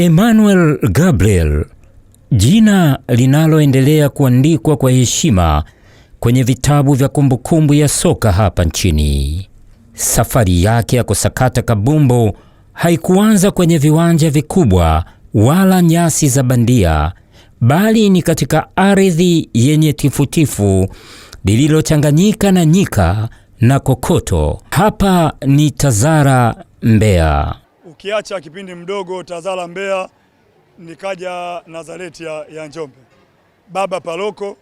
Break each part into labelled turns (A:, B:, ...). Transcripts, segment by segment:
A: Emmanuel Gabriel, jina linaloendelea kuandikwa kwa heshima kwenye vitabu vya kumbukumbu ya soka hapa nchini. Safari yake ya kusakata kabumbu haikuanza kwenye viwanja vikubwa wala nyasi za bandia, bali ni katika ardhi yenye tifutifu lililochanganyika na nyika na kokoto. Hapa ni Tazara, Mbeya
B: ukiacha kipindi mdogo Tazara Mbeya, nikaja Nazareti ya, ya Njombe. Baba Paloko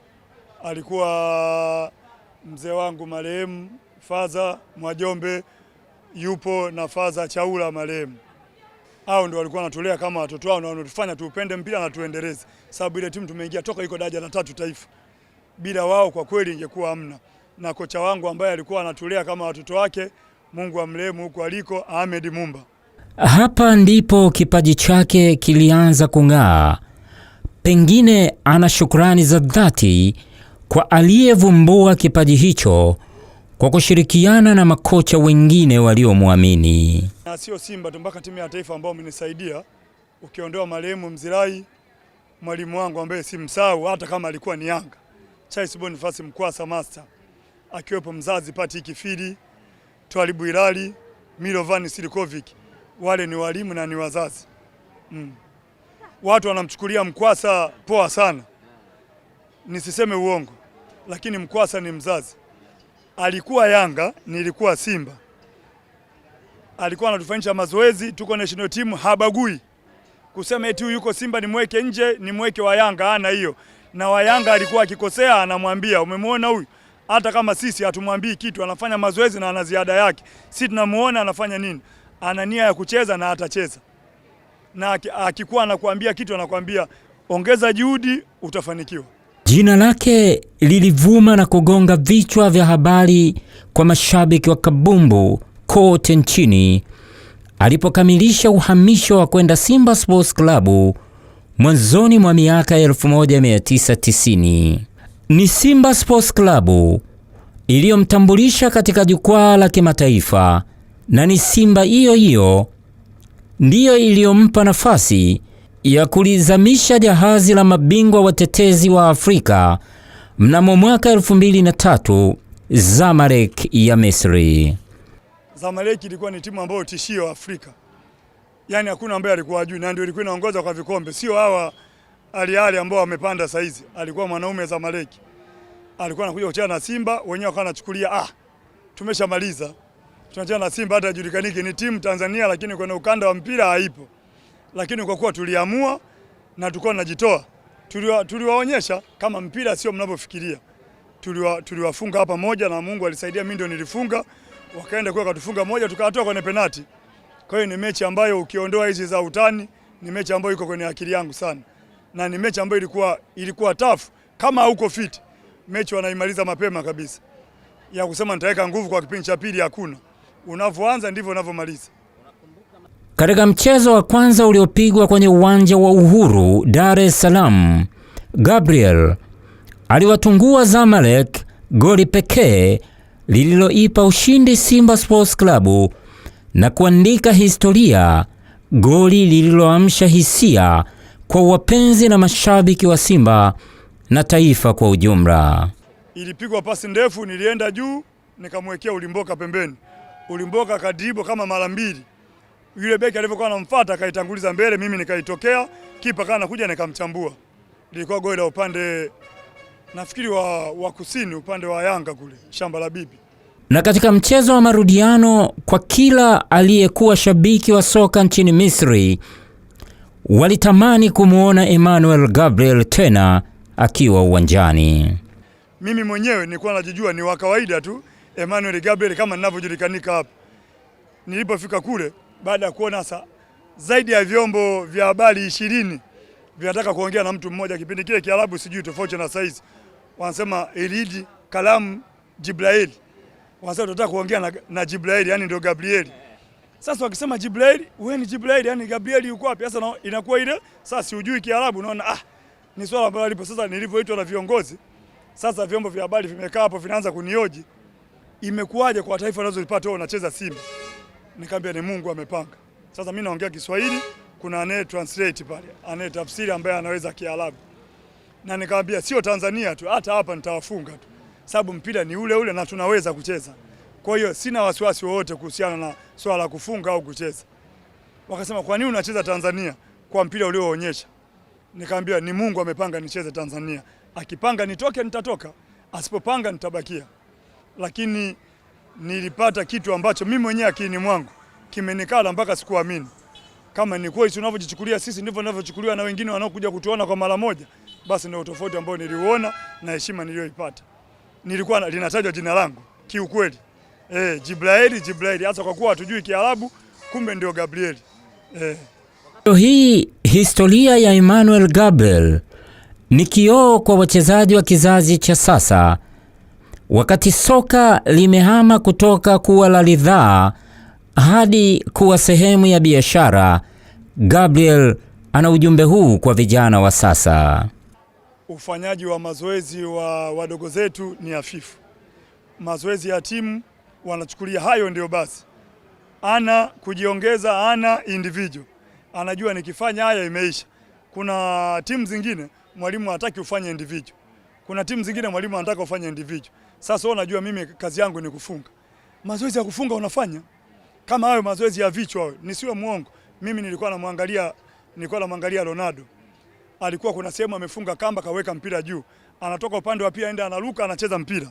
B: alikuwa mzee wangu marehemu Faza Mwajombe yupo na Faza Chaula marehemu. Hao ndio walikuwa wanatulea kama watoto wao na wanatufanya tuupende mpira na tuendeleze, sababu ile timu tumeingia toka iko daraja la tatu taifa. Bila wao kwa kweli ingekuwa hamna. Na kocha wangu ambaye alikuwa anatulea kama watoto wake, Mungu amrehemu wa huko aliko, Ahmed Mumba.
A: Hapa ndipo kipaji chake kilianza kung'aa. Pengine ana shukrani za dhati kwa aliyevumbua kipaji hicho kwa kushirikiana na makocha wengine waliomwamini.
B: Na sio Simba tu, mpaka timu ya taifa ambao amenisaidia, ukiondoa marehemu Mzirai, mwalimu wangu ambaye si simsahau hata kama alikuwa ni Yanga, Charles Bonifasi Mkwasa master, akiwepo mzazi Pati Kifidi, Twalibu Ilali, Milovan Silikovic wale ni walimu na ni wazazi mm. Watu wanamchukulia Mkwasa poa sana, nisiseme uongo, lakini Mkwasa ni mzazi. Alikuwa Yanga, nilikuwa Simba, alikuwa anatufanyisha mazoezi, tuko national team, habagui kusema eti yuko Simba nimweke nje, nimweke wa Yanga, ana hiyo. Na wa Yanga alikuwa akikosea anamwambia, umemwona huyu hata kama sisi hatumwambii kitu, anafanya mazoezi na ana ziada yake. Sisi tunamuona anafanya nini ana nia ya kucheza na atacheza, na akikuwa anakuambia kitu anakuambia ongeza juhudi, utafanikiwa.
A: Jina lake lilivuma na kugonga vichwa vya habari kwa mashabiki wa kabumbu kote nchini alipokamilisha uhamisho wa kwenda Simba Sports Club mwanzoni mwa miaka 1990. Ni Simba Sports Club iliyomtambulisha katika jukwaa la kimataifa na ni Simba hiyo hiyo ndiyo iliyompa nafasi ya kulizamisha jahazi la mabingwa watetezi wa Afrika mnamo mwaka 2003 Zamalek ya Misri.
B: Zamalek ilikuwa ni timu ambayo tishio Afrika, yaani hakuna ambaye alikuwa ajui, na ndio ilikuwa inaongoza kwa vikombe, sio hawa aliali ambao wamepanda saizi. Alikuwa mwanaume Zamalek, alikuwa anakuja kucheza na Simba, wenyewe wakawa anachukulia ah, tumeshamaliza tunacheza na Simba hata ajulikaniki ni timu Tanzania, lakini kwenye ukanda wa mpira haipo. Lakini kwa kuwa tuliamua na tulikuwa tunajitoa, tuliwaonyesha tuliwa kama mpira sio mnavyofikiria. Tuliwafunga tuliwa hapa moja na Mungu alisaidia, mimi ndio nilifunga, wakaenda kwa katufunga moja, tukatoa kwenye penati. Kwa hiyo ni mechi ambayo ukiondoa hizi za utani, ni mechi ambayo iko kwenye akili yangu sana, na ni mechi ambayo ilikuwa ilikuwa tafu. Kama hauko fit, mechi wanaimaliza mapema kabisa, ya kusema nitaweka nguvu kwa kipindi cha pili, hakuna unavyoanza ndivyo unavyomaliza.
A: Katika mchezo wa kwanza uliopigwa kwenye uwanja wa Uhuru, Dar es Salaam, Gabriel aliwatungua Zamalek goli pekee lililoipa ushindi Simba Sports Club na kuandika historia, goli lililoamsha hisia kwa wapenzi na mashabiki wa Simba na taifa kwa ujumla.
B: Ilipigwa pasi ndefu, nilienda juu nikamwekea Ulimboka pembeni ulimboka Kadibo kama mara mbili, yule beki alivyokuwa anamfuata akaitanguliza mbele, mimi nikaitokea, kipa kana anakuja nikamchambua. Lilikuwa goli la upande nafikiri wa, wa kusini upande wa Yanga kule shamba la bibi.
A: Na katika mchezo wa marudiano kwa kila aliyekuwa shabiki wa soka nchini Misri walitamani kumwona Emmanuel Gabriel tena akiwa uwanjani.
B: Mimi mwenyewe nilikuwa najijua ni wa kawaida tu Emmanuel Gabriel kama ninavyojulikanika hapa. Nilipofika kule baada ya kuona sa zaidi ya vyombo vya habari ishirini vinataka kuongea na mtu mmoja kipindi kile Kiarabu sijui tofauti na saizi. Wanasema Elidi Kalamu Jibrail. Wanasema tunataka kuongea na, na Jibrail yani ndio Gabriel. Sasa wakisema Jibrail, wewe ni Jibrail yani Gabriel yuko wapi? Sasa inakuwa ile sasa si ujui Kiarabu unaona ah ni swala ambalo lipo sasa nilivyoitwa na viongozi. Sasa vyombo vya habari vimekaa hapo vinaanza kunioji imekuwaje kwa taifa unazolipata wewe unacheza Simba? Nikamwambia ni Mungu amepanga. Sasa mimi naongea Kiswahili, kuna anaye translate pale, anaye tafsiri ambaye anaweza Kiarabu. Na nikamwambia sio Tanzania tu, hata hapa nitawafunga tu. Sababu mpira ni ule ule na tunaweza kucheza. Kwa hiyo sina wasiwasi wowote kuhusiana na swala la kufunga au kucheza. Wakasema kwa nini unacheza Tanzania kwa mpira ulioonyesha? Nikamwambia ni Mungu amepanga nicheze Tanzania. Akipanga nitoke nitatoka, asipopanga nitabakia lakini nilipata kitu ambacho mimi mwenyewe akini mwangu kimenikala mpaka sikuamini kama ni kweli tunavyojichukulia sisi ndivyo ninavyochukuliwa na wengine wanaokuja kutuona kwa mara moja, basi ndio tofauti ambayo niliuona na heshima niliyoipata. Nilikuwa linatajwa jina langu kiukweli, eh, Jibraeli Jibraeli, hasa kwa kuwa hatujui Kiarabu, kumbe ndio Gabriel. eh.
A: Hii historia ya Emmanuel Gabriel ni kioo kwa wachezaji wa kizazi cha sasa Wakati soka limehama kutoka kuwa la ridhaa hadi kuwa sehemu ya biashara, Gabriel ana ujumbe huu kwa vijana wa sasa.
B: Ufanyaji wa mazoezi wa wadogo zetu ni hafifu. Mazoezi ya timu wanachukulia hayo ndio basi, ana kujiongeza, ana individual, anajua nikifanya haya imeisha. Kuna timu zingine mwalimu hataki ufanye individual, kuna timu zingine mwalimu anataka ufanye individual. Sasa unajua mimi kazi yangu ni kufunga. Mazoezi ya kufunga unafanya kama hayo mazoezi ya vichwa hayo. Nisiwe muongo. Mimi nilikuwa namwangalia nilikuwa namwangalia Ronaldo. Alikuwa kuna sehemu amefunga kamba kaweka mpira juu. Anatoka upande wa pia aenda analuka, anacheza mpira.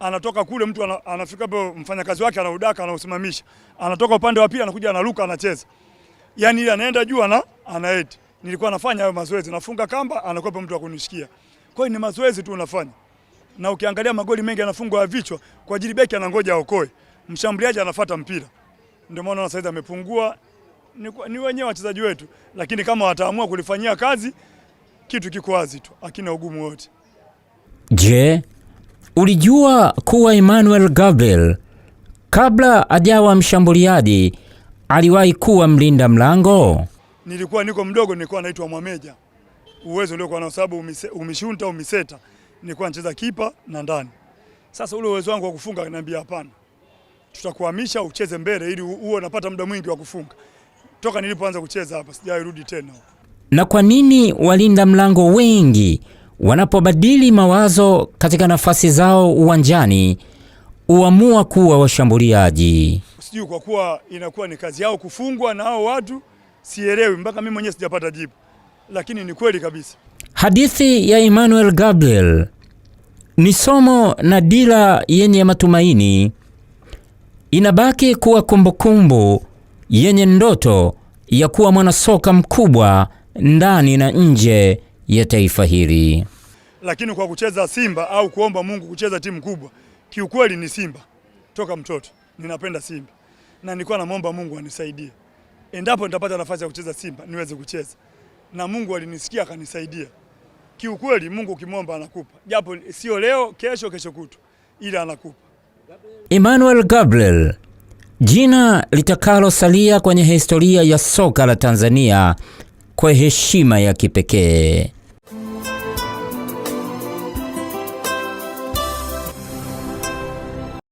B: Anatoka kule mtu anafika hapo mfanyakazi wake anaudaka anausimamisha. Anatoka upande wa pia anakuja analuka, anacheza. yani ile anaenda juu ana anaedi. Nilikuwa nafanya hayo mazoezi, nafunga kamba, anakuwa mtu akunishikia. Kwa hiyo ni mazoezi tu unafanya na ukiangalia magoli mengi yanafungwa ya vichwa kwa ajili beki anangoja aokoe, mshambuliaji anafuata mpira. Ndio maana na saizi amepungua, ni, ni wenyewe wachezaji wetu, lakini kama wataamua kulifanyia kazi, kitu kiko wazi tu, hakina ugumu wote.
A: Je, ulijua kuwa Emmanuel Gabriel kabla ajawa mshambuliaji aliwahi kuwa mlinda mlango?
B: Nilikuwa niko mdogo, nilikuwa naitwa Mwameja, uwezo uliokuwa nao sababu umishunta umiseta nilikuwa nacheza kipa na ndani. Sasa ule uwezo wangu wa kufunga ananiambia hapana, tutakuhamisha ucheze mbele ili uwe unapata muda mwingi wa kufunga. Toka nilipoanza kucheza hapa sijairudi tena.
A: Na kwa nini walinda mlango wengi wanapobadili mawazo katika nafasi zao uwanjani huamua kuwa washambuliaji?
B: Sijui, kwa kuwa inakuwa ni kazi yao kufungwa na hao watu, sielewi mpaka mimi mwenyewe sijapata jibu, lakini ni kweli kabisa.
A: Hadithi ya Emmanuel Gabriel ni somo na dira yenye matumaini, inabaki kuwa kumbukumbu yenye ndoto ya kuwa mwanasoka mkubwa ndani na nje ya taifa hili.
B: Lakini kwa kucheza Simba au kuomba Mungu kucheza timu kubwa, kiukweli ni Simba. Toka mtoto ninapenda Simba na nilikuwa namwomba Mungu anisaidie, endapo nitapata nafasi ya kucheza Simba niweze kucheza, na Mungu alinisikia akanisaidia kiukweli, Mungu ukimwomba anakupa, japo sio leo, kesho, kesho kutu, ila anakupa.
A: Emmanuel Gabriel, jina litakalosalia kwenye historia ya soka la Tanzania kwa heshima ya kipekee.